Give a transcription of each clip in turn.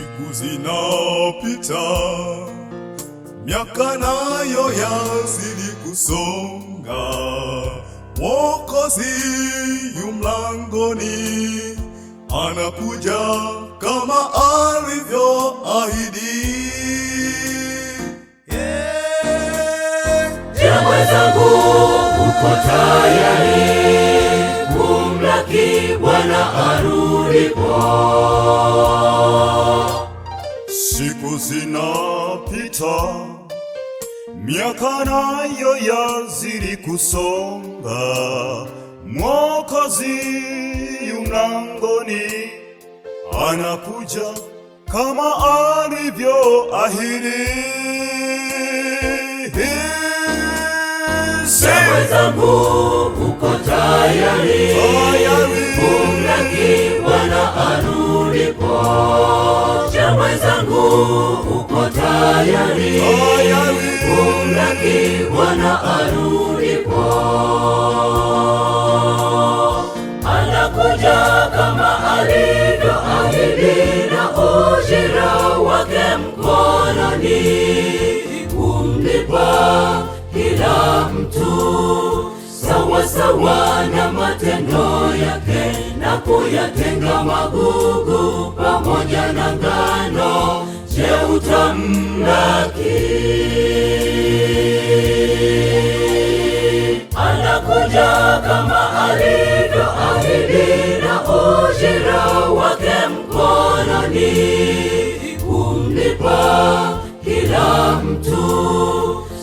Siku zinapita, miaka nayo yazidi kusonga, Mwokozi yu mlangoni, anakuja kama alivyo ahidi mwenzangu uko tayari kumlaki Bwana arudipo? siku zinapita, miaka nayo yazidi kusonga, Mwokozi yunangoni anakuja kama alivyo Shangwe zangu, uko tayari kumlaki Bwana anu tayari, kumlaki Bwana arudipo. Anakuja kama ahidi na ujira wake mkononi, kumlipa kila mtu sawasawa na matendo yake, na kuyatenga magugu pamoja na ngano utamlaki anakuja kama alivyoahidi, na ujira wake mkononi humlipa kila mtu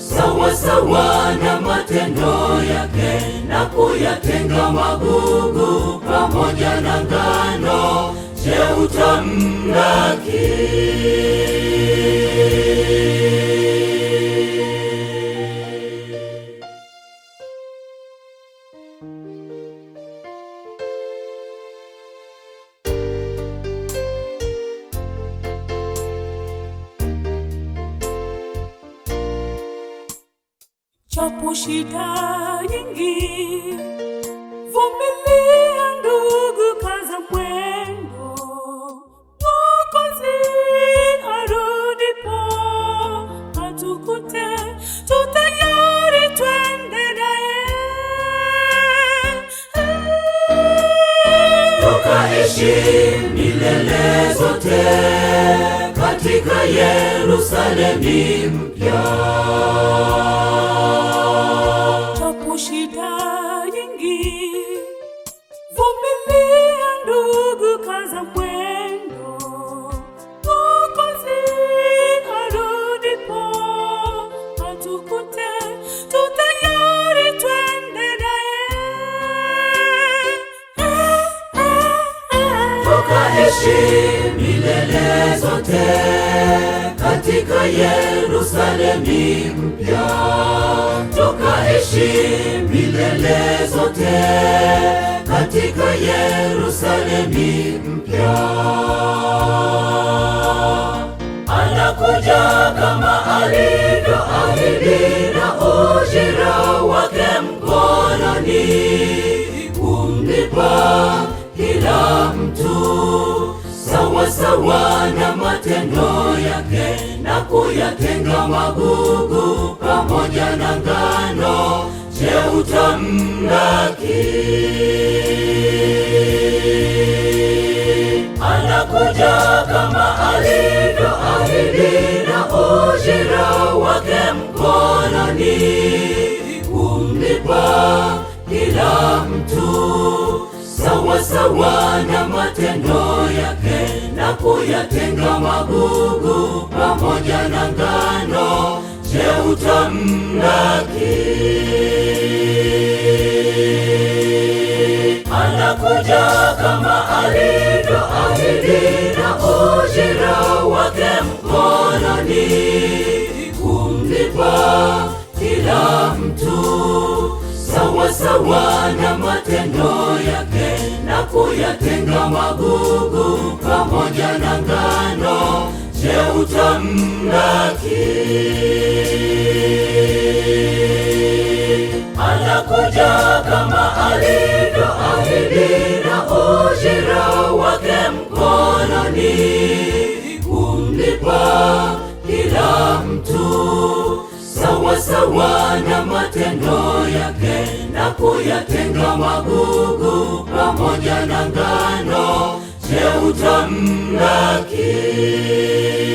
sawasawa na matendo yake, na kuyatenga magugu pamoja na ngano. Je, utamlaki? Chapushita shida nyingi, ataishi milele zote katika Yerusalemu mpya. utaishi milele zote katika Yerusalemu mpya, tukaishi milele zote katika Yerusalemu mpya. Anakuja kama alivyoahidi na ujira wake mkononi kumlipa kila sawa na matendo yake na kuyatenga magugu pamoja na ngano. Je, utamdaki? Anakuja kama ahidi na ujira wake mkononi kumlipa kila mtu sawasawa na matendo yake na kuyatenga magugu pamoja na ngano, je, utamlaki? Anakuja kama alivyoahidi na ujira wake mkononi, kumlipa kila mtu sawasawa na matendo yake na kuyatenga magugu ngano je utamlaki? Anakuja kama ahidi na ujira wake mkononi, kumlipa kila mtu sawasawa na matendo yake, na kuyatenga magugu pamoja na ngano utamlaki.